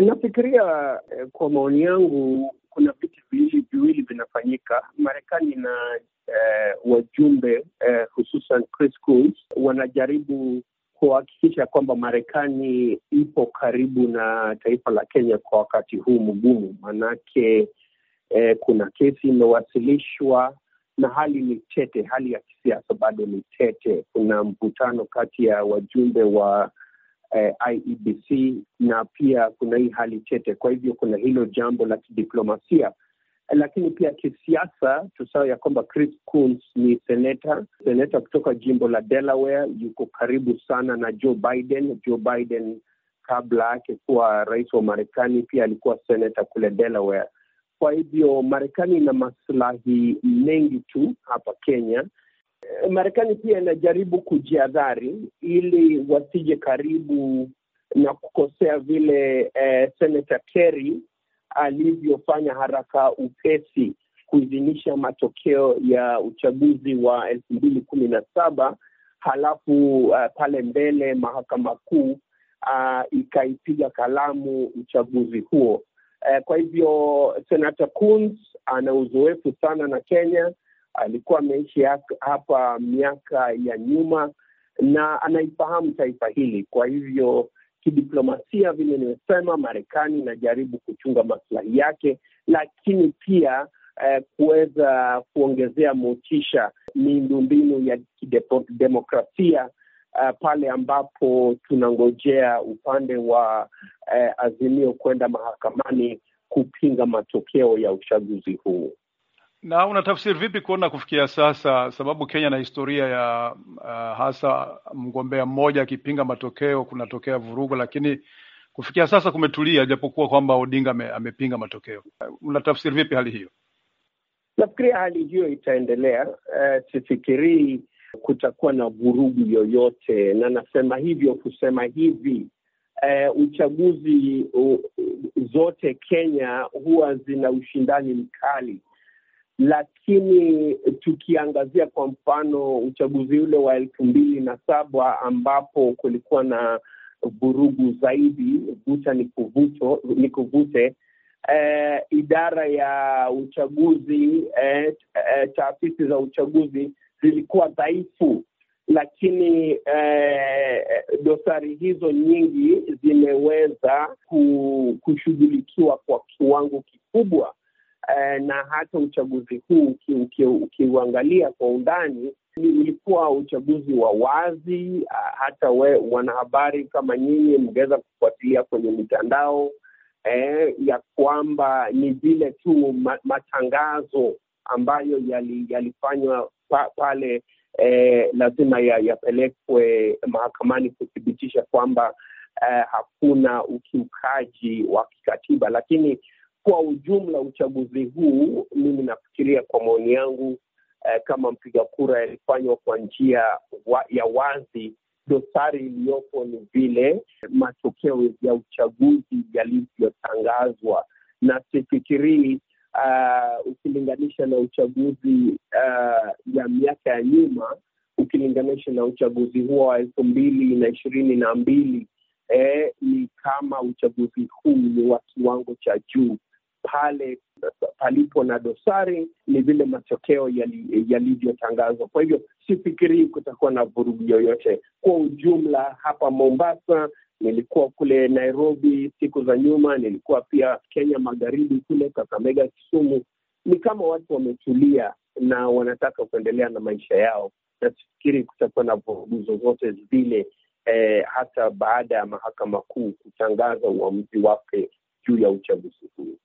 Eh, nafikiria eh, kwa maoni yangu kuna vitu viwili viwili vinafanyika Marekani na eh, wajumbe eh, hususan Chris Coons wanajaribu kuhakikisha kwamba Marekani ipo karibu na taifa la Kenya kwa wakati huu mgumu, maanake eh, kuna kesi imewasilishwa na hali ni tete, hali ya kisiasa bado ni tete. Kuna mvutano kati ya wajumbe wa eh, IEBC na pia kuna hii hali tete. Kwa hivyo kuna hilo jambo la kidiplomasia, eh, lakini pia kisiasa, tusawa ya kwamba Chris Coons ni seneta, seneta kutoka jimbo la Delaware, yuko karibu sana na Joe Biden. Joe Biden kabla yake kuwa rais wa Marekani pia alikuwa seneta kule Delaware. Kwa hivyo Marekani ina masilahi mengi tu hapa Kenya Eh, Marekani pia inajaribu kujiadhari ili wasije karibu na kukosea vile eh, Senata Kerry alivyofanya haraka upesi kuidhinisha matokeo ya uchaguzi wa elfu mbili kumi na saba halafu uh, pale mbele mahakama kuu uh, ikaipiga kalamu uchaguzi huo. Uh, kwa hivyo Senata Coons ana uzoefu sana na Kenya alikuwa ameishi hapa miaka ya nyuma na anaifahamu taifa hili. Kwa hivyo kidiplomasia, vile nimesema, Marekani inajaribu kuchunga maslahi yake, lakini pia eh, kuweza kuongezea motisha miundombinu ya kidemokrasia Uh, pale ambapo tunangojea upande wa uh, azimio kwenda mahakamani kupinga matokeo ya uchaguzi huu. Na unatafsiri vipi kuona kufikia sasa, sababu Kenya na historia ya uh, hasa mgombea mmoja akipinga matokeo kunatokea vurugu, lakini kufikia sasa kumetulia, japokuwa kwamba Odinga ame, amepinga matokeo. Eh, unatafsiri vipi hali hiyo? Nafikiria hali hiyo itaendelea. Uh, sifikirii kutakuwa na vurugu yoyote, na nasema hivyo kusema hivi Uh, uchaguzi uh, zote Kenya huwa zina ushindani mkali lakini tukiangazia kwa mfano uchaguzi ule wa elfu mbili na saba ambapo kulikuwa na vurugu zaidi, vuta ni kuvute eh, idara ya uchaguzi eh, eh, taasisi za uchaguzi zilikuwa dhaifu, lakini eh, dosari hizo nyingi zimeweza kushughulikiwa kwa kiwango kikubwa Eh, na hata uchaguzi huu ukiuangalia kwa undani ulikuwa uchaguzi wa wazi. Ah, hata we wanahabari kama nyinyi mngeweza kufuatilia kwenye mitandao eh, ya kwamba ni vile tu matangazo ambayo yalifanywa yali pa, pale eh, lazima yapelekwe ya mahakamani kuthibitisha kwamba eh, hakuna ukiukaji wa kikatiba, lakini kwa ujumla uchaguzi huu, mimi nafikiria, kwa maoni yangu, eh, kama mpiga kura yalifanywa kwa njia wa, ya wazi. Dosari iliyopo ni vile matokeo ya uchaguzi yalivyotangazwa, na sifikirii uh, eh, ukilinganisha na uchaguzi uh, ya miaka ya nyuma, ukilinganisha na uchaguzi huo wa elfu mbili na ishirini na mbili eh, ni kama uchaguzi huu ni wa kiwango cha juu pale palipo na dosari ni vile matokeo yalivyotangazwa. Yali kwa hivyo sifikirii kutakuwa na vurugu yoyote kwa ujumla. Hapa Mombasa nilikuwa kule Nairobi siku za nyuma, nilikuwa pia Kenya magharibi kule Kakamega, Kisumu. Ni kama watu wametulia na wanataka kuendelea na maisha yao, na sifikiri kutakuwa na vurugu zozote zile, eh, hata baada ya mahakama kuu kutangaza uamuzi wake juu ya uchaguzi huu.